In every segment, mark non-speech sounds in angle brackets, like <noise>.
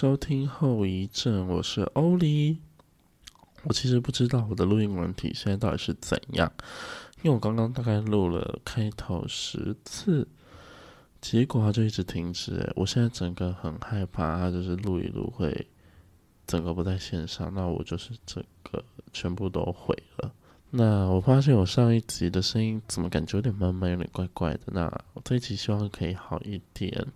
收聽後遺症，我是歐里。我其實不知道我的錄音問題現在到底是怎樣，因為我剛剛大概錄了開頭十次，結果它就一直停止耶。我現在整個很害怕，它就是錄一錄會整個不在線上，那我就是整個全部都毀了。那我發現我上一集的聲音怎麼感覺有點悶悶、有點怪怪的。那我這一集希望可以好一點。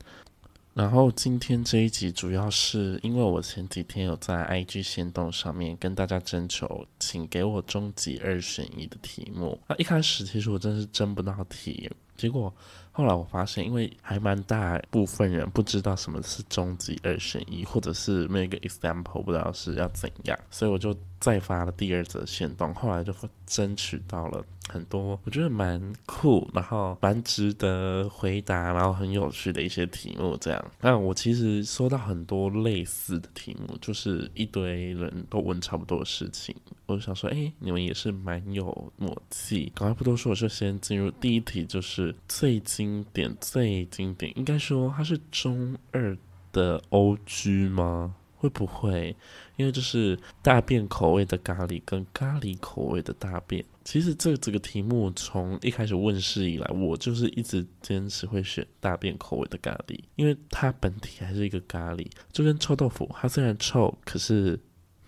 然後今天這一集主要是因為我前幾天有在 IG 限動上面跟大家徵求，請給我終極二選一的題目。那、啊、一開始其實我真是徵不到題，結果。後來我發現，因為還蠻大部分人不知道什麼是終極二選一，或者是每個 example 不知道是要怎樣，所以我就再發了第二則限動，後來就爭取到了很多我覺得蠻酷，然後蠻值得回答，然後很有趣的一些題目這樣。那我其實收到很多類似的題目，就是一堆人都問差不多的事情。我想說，哎、欸，你們也是蠻有默契。剛才不多說，我就先進入第一題，就是最經典、最經典，應該說它是中二的 OG 嗎？會不會？因為就是大便口味的咖喱，跟咖喱口味的大便。其實這個、這個題目從一開始問世以來，我就是一直堅持會選大便口味的咖喱，因為它本體還是一個咖喱，就跟臭豆腐，它雖然臭，可是。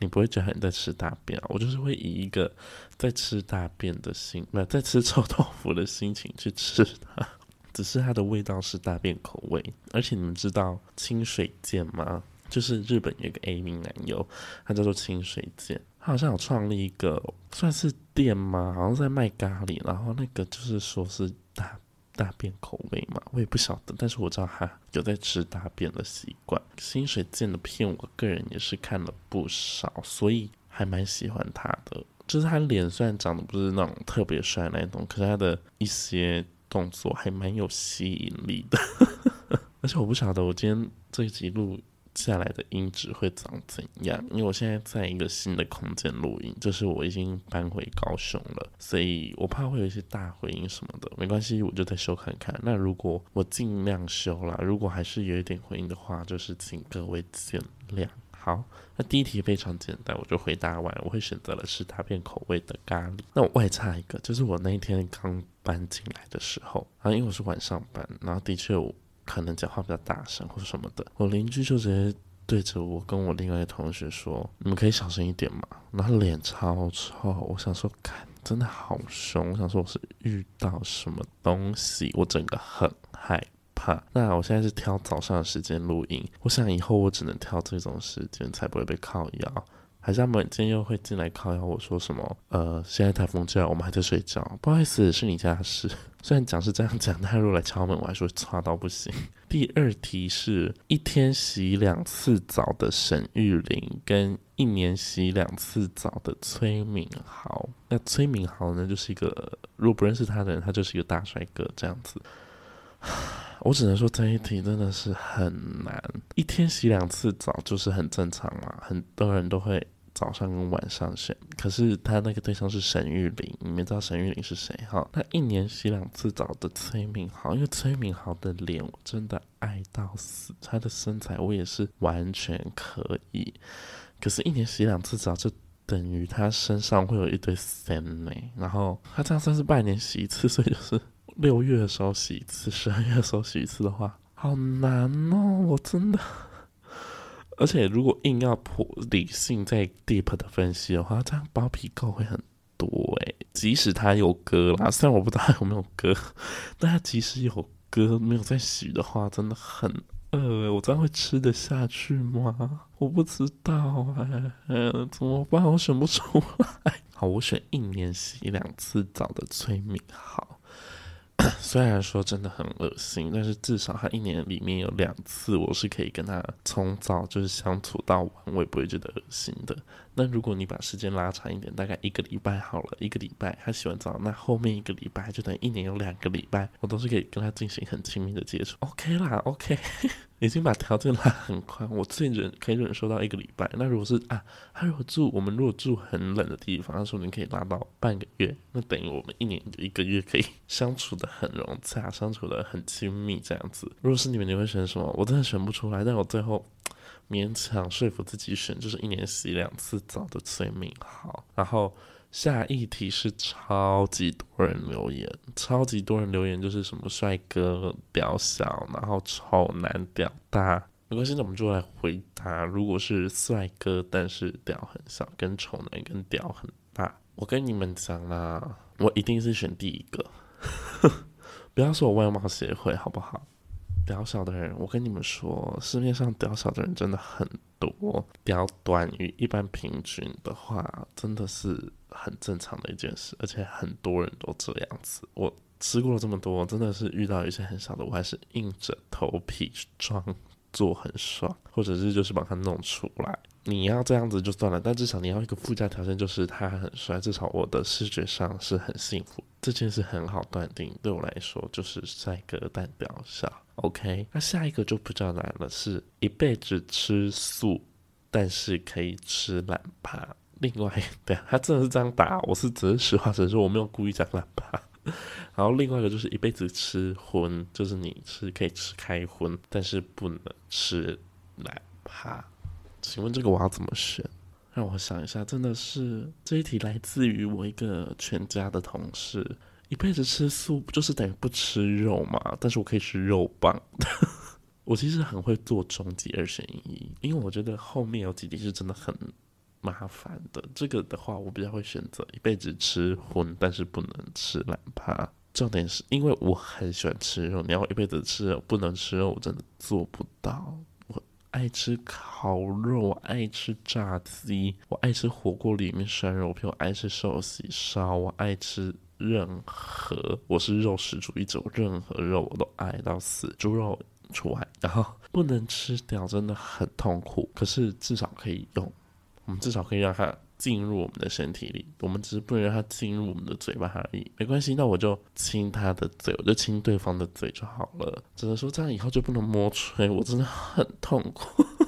你不會覺得你在吃大便啊？我就是會以一個在吃大便的心，沒、呃、有在吃臭豆腐的心情去吃它，只是它的味道是大便口味。而且你們知道清水健嗎？就是日本有一個 A 名男優，他叫做清水健。他好像有創立一個算是店嗎？好像在賣咖喱，然後那個就是說是他。大便口味嘛，我也不曉得，但是我知道他有在吃大便的習慣。清水健的片，我個人也是看了不少，所以還蠻喜歡他的。就是他臉雖然長得不是那種特別帥那一種，可是他的一些動作還蠻有吸引力的。 <laughs> 而且我不曉得，我今天這一集錄。接下來的音質會長怎樣？因為我現在在一個新的空間錄音，就是我已經搬回高雄了，所以我怕會有一些大回音什麼的。沒關係，我就再修看看。那如果我盡量修了，如果還是有一點回音的話，就是請各位見諒。好，那第一題非常簡單，我就回答完。我會選擇了是大便口味的咖喱。那我外插一個，就是我那一天剛搬進來的時候，啊，因為我是晚上搬，然後的確我可能講話比較大聲或什麼的，我鄰居就直接對着我跟我另外一個同學說：“你們可以小聲一點嘛。”然後臉超臭，我想說，看真的好凶，我想說我是遇到什麼東西，我整個很害怕。那我現在是挑早上的時間錄音，我想以後我只能挑這種時間才不會被靠腰。還是他們今天又會進來敲門？我說什麼？呃，現在颱風這樣，我們還在睡覺。不好意思，是你家的事。雖然講是這樣講，但若來敲門，我還說差到不行。第二題是，一天洗兩次澡的沈玉琳跟一年洗兩次澡的崔珉豪。那崔珉豪呢，就是一個如果不認識他的人，他就是一個大帥哥這樣子。我只能說，這一題真的是很難。一天洗兩次澡就是很正常啊，很多人都會。早上跟晚上選，可是他那個對象是沈玉琳，你們知道沈玉琳是誰哈？他一年洗兩次澡的崔珉豪，因為崔珉豪的臉我真的愛到死，他的身材我也是完全可以，可是，一年洗兩次澡就等於他身上會有一堆酸霉，然後他這樣算是半年洗一次，所以就是六月的時候洗一次，十二月的時候洗一次的話，好難哦、喔，我真的。而且如果硬要破理性在 deep 的分析的話，這樣包皮垢會很多誒、欸，即使他有割了，雖然我不知道他有沒有割，但他即使有割沒有再洗的話，真的很餓哎、欸。我這樣會吃得下去嗎？我不知道哎、欸欸，怎麼辦？我選不出來。好，我選一年洗兩次澡的崔珉豪。雖然說真的很噁心，但是至少他一年裡面有兩次，我是可以跟他從早就是相處到晚，我也不會覺得噁心的。那如果你把時間拉長一點，大概一個禮拜好了，一個禮拜他洗完澡，那後面一個禮拜就等於一年有兩個禮拜，我都是可以跟他進行很親密的接觸。OK 啦，OK。 <laughs> 已經把條件拉得很寬，我自己忍可以忍受到一個禮拜。那如果是啊，他如果住我們如果住很冷的地方，他說你可以拉到半個月，那等於我們一年一個月可以相處的很融洽，相處的很親密這樣子。如果是你們，你會選什麼？我真的選不出來，但我最後勉強說服自己選，就是一年洗兩次澡的崔珉豪。好，然後。下一題是超級多人留言，超級多人留言就是什麼帥哥屌小，然後醜男屌大。沒關係，那我們就來回答。如果是帥哥但是屌很小，跟醜男跟屌很大，我跟你們講啦、啊，我一定是選第一個。 <laughs> 不要說我外貌協會，好不好？屌小的人，我跟你們說，市面上屌小的人真的很多。屌短於一般平均的話，真的是很正常的一件事，而且很多人都這樣子。我吃過了這麼多，真的是遇到一些很小的，我還是硬着頭皮裝做很爽，或者是就是把它弄出來。你要這樣子就算了，但至少你要一個附加條件，就是他很帥，至少我的視覺上是很幸福。這件事很好斷定，對我來說就是帥哥代表少。OK，那下一個就比較難了，是一輩子吃素，但是可以吃懶趴。另外，對啊，他真的是這樣打，我是只是實話實說，我沒有故意講懶趴。然後另外一個就是一輩子吃葷，就是你是可以吃開葷，但是不能吃懶趴。請問這個我要怎麼選？讓我想一下，真的是這一題來自於我一個全家的同事。一輩子吃素不就是等於不吃肉嗎？但是我可以吃肉棒 <laughs> 我其實很會做終極二選一，因為我覺得後面有幾題是真的很麻煩的。這個的話，我比較會選擇一輩子吃葷，但是不能吃懶趴。重點是因為我很喜歡吃肉，你要一輩子吃肉不能吃肉，我真的做不到。愛吃烤肉，愛吃炸雞，我愛吃火鍋裡面涮肉片，我比較愛吃壽喜燒，我愛吃任何，我是肉食主義者，我任何肉我都愛到死，豬肉除外，然後不能吃掉真的很痛苦，可是至少可以用，我們至少可以讓它。進入我們的身體裡，我們只是不能讓它進入我們的嘴巴而已，沒關係。那我就親他的嘴，我就親對方的嘴就好了。只能說這樣以後就不能摸吹，我真的很痛苦。 <laughs>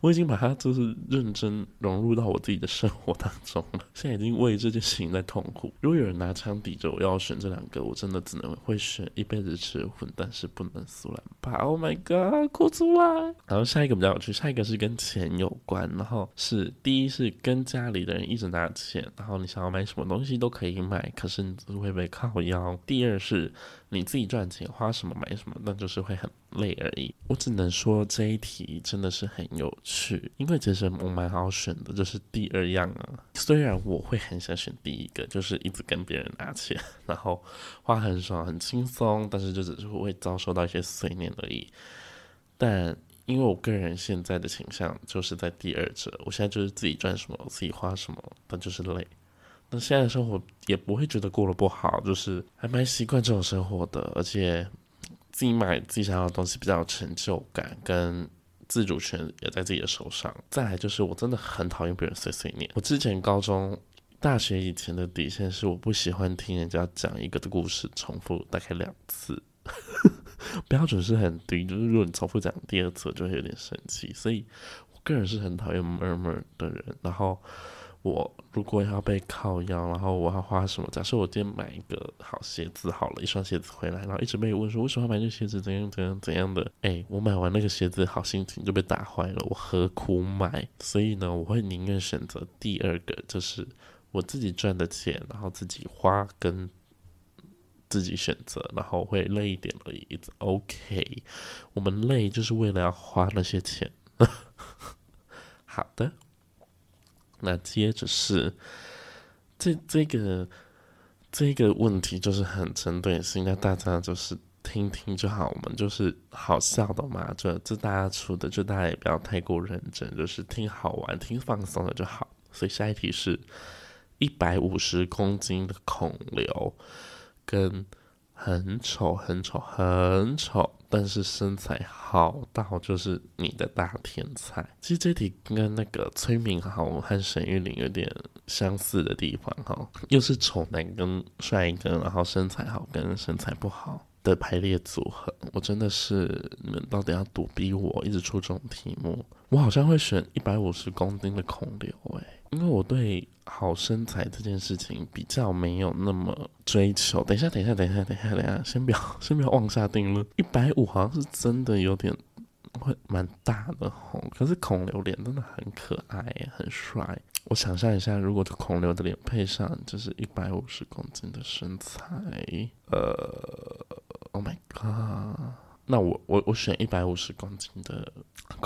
我已經把它就是認真融入到我自己的生活當中了。現在已經為這件事情在痛苦。如果有人拿槍抵着我，要選這兩個，我真的只能會選一輩子吃葷，但是不能素來。Oh my god，哭出來！然後下一個比較有趣，下一個是跟錢有關。然後是第一是跟家裡的人一直拿錢，然後你想要買什麼東西都可以買，可是你就會被靠腰。第二是。你自己賺錢，花什麼買什麼，那就是會很累而已。我只能說這一題真的是很有趣，因為其實我蠻好選的，就是第二樣啊。雖然我會很想選第一個，就是一直跟別人拿錢，然後花很少，很輕鬆，但是就只是會遭受到一些碎念而已。但因為我個人現在的傾向就是在第二者，我現在就是自己賺什麼，我自己花什麼，但就是累。那現在的生活也不會覺得過得不好，就是還蠻習慣這種生活的，而且自己買自己想要的東西比較有成就感，跟自主權也在自己的手上。再來就是我真的很討厭別人碎碎念。我之前高中、大學以前的底線是我不喜歡聽人家講一個的故事重複大概兩次， <laughs> 標準是很低，就是如果你重複講第二次，我就會有點生氣。所以我個人是很討厭 murmur 的人。然後。我如果要被靠腰，然後我要花什麼？假設我今天買一個好鞋子，好了一雙鞋子回來，然後一直被問說為什麼要買這鞋子，怎樣怎樣怎樣的？哎、欸，我買完那個鞋子，好心情就被打壞了，我何苦買？所以呢，我會寧願選擇第二個，就是我自己賺的錢，然後自己花，跟自己選擇，然後會累一點而已，It's，OK。我們累就是為了要花那些錢。 <laughs> 好的。那接着是，這這個這個問題就是很針對性，那大家就是聽聽就好。我們就是好笑的嘛，就就大家出的，就大家也不要太過認真，就是聽好玩、聽放鬆的就好。所以下一題是，一百五十公斤的孔劉跟。很醜，很醜，很醜，但是身材好到就是你的大天才。其實這題跟那個崔珉豪和沈玉琳有點相似的地方哈、哦，又是醜男跟帥哥，然後身材好跟身材不好的排列組合。我真的是你們到底要躲逼我一直出這種題目？我好像會選一百五十公斤的孔劉誒、欸，因為我對好身材這件事情比較沒有那麼追求。等一下，等一下，等一下，等一下，等一下，先不要，先不要妄下定論。一百五好像是真的有點會蠻大的吼，可是孔劉臉真的很可愛，很帥。我想象一下，如果孔劉的臉配上就是一百五十公斤的身材，呃，Oh my god！那我我我選一百五十公斤的。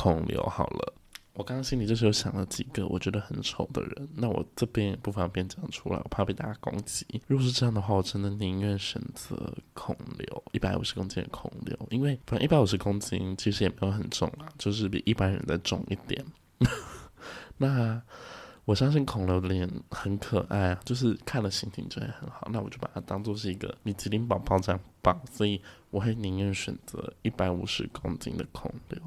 恐龍好了，我剛剛心裡就是有想了幾個我覺得很醜的人，那我這邊也不方便講出來，我怕被大家攻擊。如果是這樣的話，我真的寧願選擇恐龍，一百五十公斤的恐龍，因為反正一百五十公斤其實也沒有很重啊，就是比一般人再重一點。 <laughs> 那我相信恐龍的臉很可愛啊，就是看了心情就會很好。那我就把它當做是一個米其林寶寶這樣抱，所以我會寧願選擇一百五十公斤的恐龍。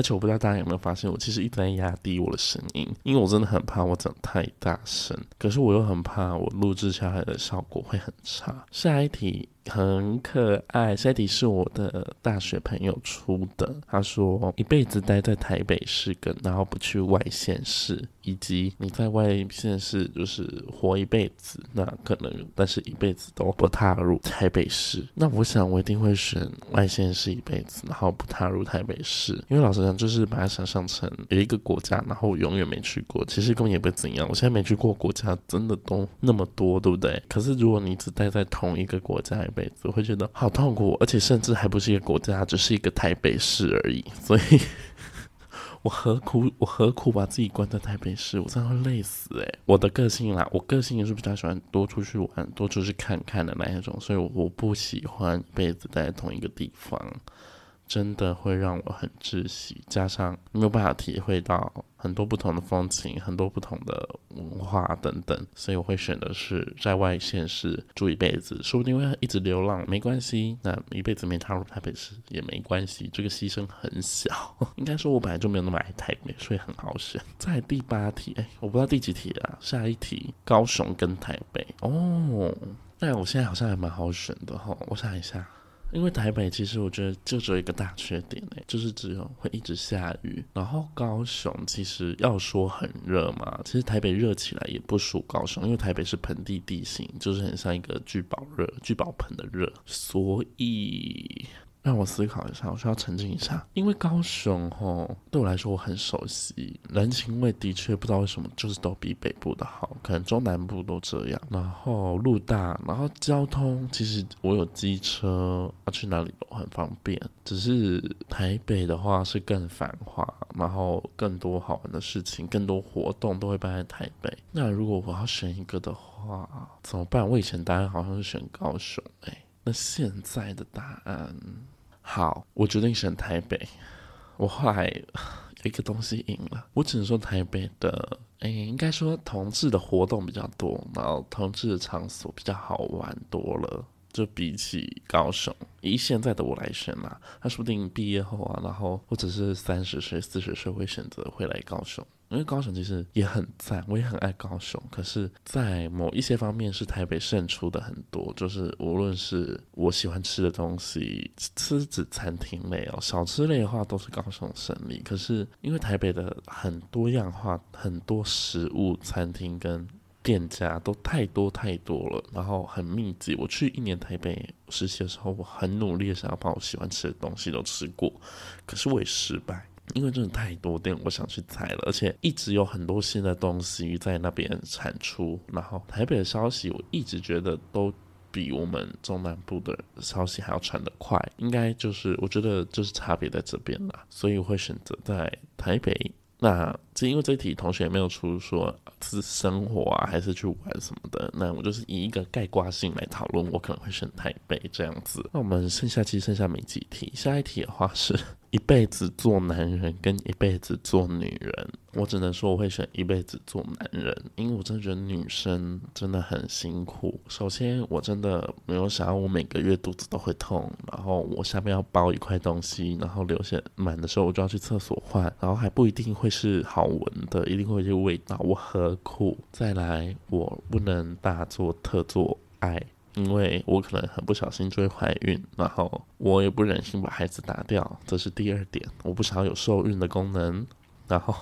而且我不知道大家有沒有發現，我其實一直在壓低我的聲音，因為我真的很怕我講太大聲，可是我又很怕我錄制下來的效果會很差。下一題。很可愛，Sadie 是我的大學朋友出的。他說一輩子待在台北市跟，然後不去外縣市，以及你在外縣市就是活一輩子，那可能，但是一輩子都不踏入台北市。那我想我一定會選外縣市一輩子，然後不踏入台北市。因為老實講，就是把它想象成有一個國家，然後我永遠沒去過，其實根本也不怎樣。我現在沒去過國家真的都那麼多，對不對？可是如果你只待在同一個國家，我會覺得好痛苦，而且甚至還不是一個國家，只是一個台北市而已。所以我何苦，我何苦把自己關在台北市？我真的會累死哎、欸！我的個性啦，我個性也是比較喜歡多出去玩，多出去看看的那一種，所以我我不喜歡一輩子待在同一個地方。真的會讓我很窒息，加上沒有辦法體會到很多不同的風情、很多不同的文化等等，所以我會選的是在外縣市住一輩子，說不定會一直流浪，沒關係。那一輩子沒踏入台北市也沒關係，這個犧牲很小。 <laughs> 應該說我本來就沒有那麼愛台北，所以很好選。在第八題、欸，我不知道第幾題啦、啊。下一題高雄跟台北哦，那、欸、我現在好像還蠻好選的吼，我想，想一下。因為台北其實我覺得就只有一個大缺點誒、欸，就是只有會一直下雨。然後高雄其實要說很熱嘛，其實台北熱起來也不輸高雄，因為台北是盆地地形，就是很像一個聚寶熱、聚寶盆的熱，所以。讓我思考一下，我需要沉靜一下。因為高雄吼、哦，對我來說我很熟悉，人情味的確不知道為什麼就是都比北部的好，可能中南部都這樣。然後路大，然後交通其實我有機車，要去哪裡都很方便。只是台北的話是更繁華，然後更多好玩的事情，更多活動都會辦在台北。那如果我要選一個的話，怎麼辦？我以前答案好像是選高雄，誒。那現在的答案？好，我決定選台北。我後來有一個東西贏了，我只能說台北的，哎、欸，應該說同志的活動比較多，然後同志的場所比較好玩多了。就比起高雄，以現在的我來選嘛、啊，他說不定畢業後啊，然後或者是三十歲、四十歲會選擇回來高雄，因為高雄其實也很讚，我也很愛高雄。可是，在某一些方面是台北勝出的很多，就是無論是我喜歡吃的東西、吃指餐廳類哦，小吃類的話都是高雄勝利。可是因為台北的很多樣化，很多食物、餐廳跟。店家都太多太多了，然後很密集。我去一年台北實習的時候，我很努力想要把我喜歡吃的東西都吃過，可是我也失敗，因為真的太多店，我想去踩了，而且一直有很多新的東西在那邊產出。然後台北的消息，我一直覺得都比我們中南部的消息還要傳得快，應該就是我覺得就是差別在這邊啦，所以我會選擇在台北那。是因為這一題同學也沒有出說是生活啊還是去玩什麼的，那我就是以一個概括性來討論，我可能會選台北這樣子。那我們剩下其實剩下沒幾題，下一題的話是一輩子做男人跟一輩子做女人，我只能說我會選一輩子做男人，因為我真的覺得女生真的很辛苦。首先我真的沒有想到我每個月肚子都會痛，然後我下面要包一塊東西，然後流血滿的時候我就要去廁所換，然後還不一定會是好。聞的一定會有味道，我何苦再來？我不能大做特做愛，因為我可能很不小心就會懷孕，然後我也不忍心把孩子打掉，這是第二點。我不想有受孕的功能。然後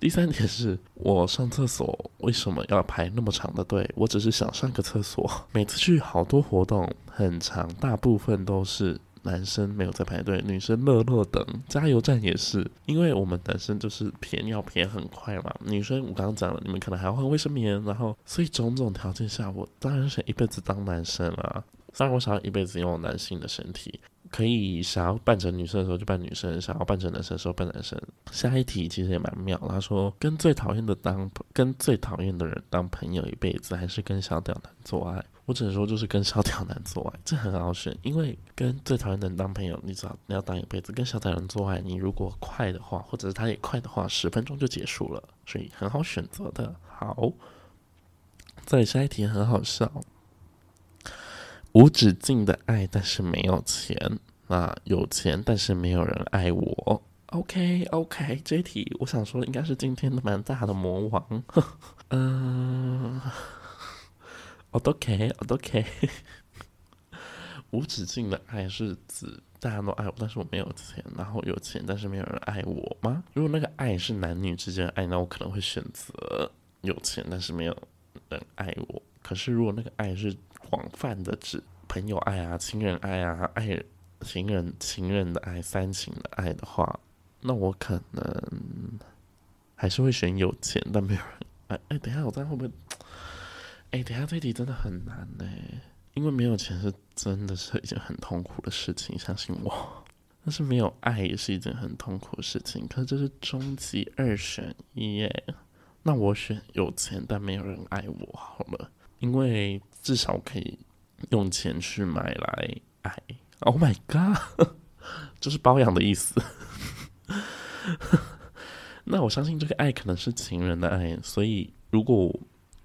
第三點是，我上廁所為什麼要排那麼長的隊？我只是想上個廁所，每次去好多活動很長，大部分都是。男生沒有在排隊，女生樂樂等。加油站也是，因為我們男生就是撇尿撇很快嘛。女生我剛剛講了，你們可能還要換衛生棉，然後所以種種條件下，我當然想一輩子當男生了啊。當然我想要一輩子擁有男性的身體，可以想要扮成女生的時候就扮女生，想要扮成男生的時候扮男生。下一題其實也蠻妙，他說跟最討厭的當，跟最討厭的人當朋友一輩子，還是跟小屌男做愛？我只能說，就是跟蕭條男做愛，這很好選，因為跟最討厭的人當朋友，你只要你要當一輩子；跟蕭條男做愛，你如果快的話，或者是他也快的話，十分鐘就結束了，所以很好選擇的。好，在下一題，很好笑，無止境的愛，但是沒有錢。啊，有錢，但是沒有人愛我。OK OK，這一題我想說，應該是今天的蠻大的魔王。嗯。呃 Okay, o、okay. k <laughs> 無止境的愛是指大家都愛我，但是我沒有錢。然後有錢，但是沒有人愛我嗎？如果那個愛是男女之間的愛，那我可能會選擇有錢，但是沒有人愛我。可是如果那個愛是廣泛的，指朋友愛啊、親人愛啊、愛情人、情人的愛、三情的愛的話，那我可能還是會選有錢，但沒有人愛。哎、欸，等下，我在會不會？哎、欸，等下，這題真的很難嘞、欸，因為沒有錢是真的是一件很痛苦的事情，相信我。但是沒有愛也是一件很痛苦的事情，可是這是終極二選一耶。Yeah. 那我選有錢但沒有人愛我好了，因為至少可以用錢去買來愛。Oh my god，就 <laughs> 是包養的意思。 <laughs> 那我相信這個愛可能是情人的愛，所以如果。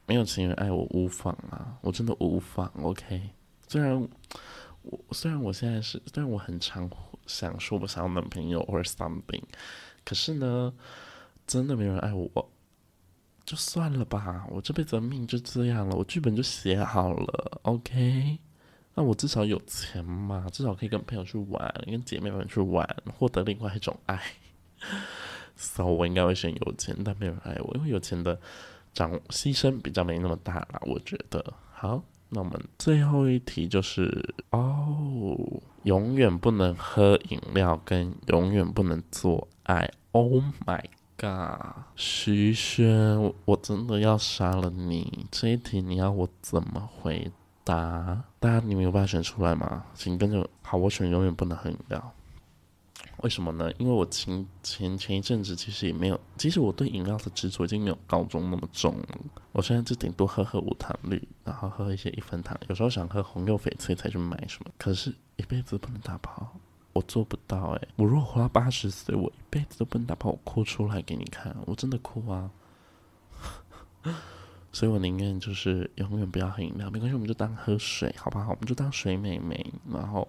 沒有情人愛我無妨啊，我真的無妨。OK，雖然我雖然我現在是雖然我很常想說我想要男朋友或者 something，可是呢，真的沒人愛我，就算了吧，我這輩子的命就這樣了，我劇本就寫好了。OK，那我至少有錢嘛，至少可以跟朋友去玩，跟姐妹們去玩，獲得另外一種愛。So，我應該會選有錢，但沒人愛我，因為有錢的。漲犧牲比較沒那麼大了，我覺得。好，那我們最後一題就是哦，永遠不能喝飲料跟永遠不能做愛。Oh my god，徐軒，我，我真的要殺了你！這一題你要我怎麼回答？大家你們有辦法選出來嗎？請跟着好，我選永遠不能喝飲料。為什麼呢？因為我前前前一陣子其實也沒有，其實我對飲料的執着已經沒有高中那麼重了。我現在就頂多喝喝無糖綠，然後喝一些一分糖，有時候想喝紅柚翡翠才去買什麼。可是，一輩子不能打炮。我做不到哎、欸！我如果活到八十歲，我一輩子都不能打炮。我哭出來給你看，我真的哭啊！ <laughs> 所以我寧願就是永遠不要喝飲料，沒關係，我們就當喝水，好不好？我們就當水妹妹。然後，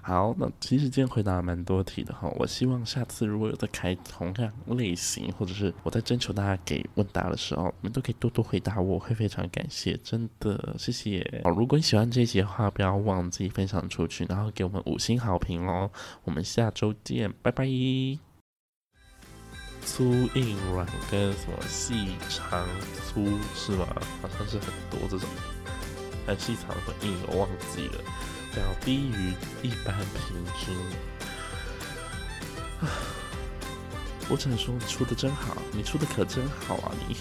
好，那其實今天回答蠻多題的哈。我希望下次如果有在開同樣類型，或者是我在徵求大家給問答的時候，你們都可以多多回答我，我會非常感謝，真的謝謝。好，如果你喜歡這集的話，不要忘記分享出去，然後給我們五星好評哦。我們下周見，拜拜。粗硬軟跟什麼細長粗是嗎？好像是很多這種，還細長什麼硬我忘記了，要低於一般平均。我只能說你出的真好，你出的可真好啊你。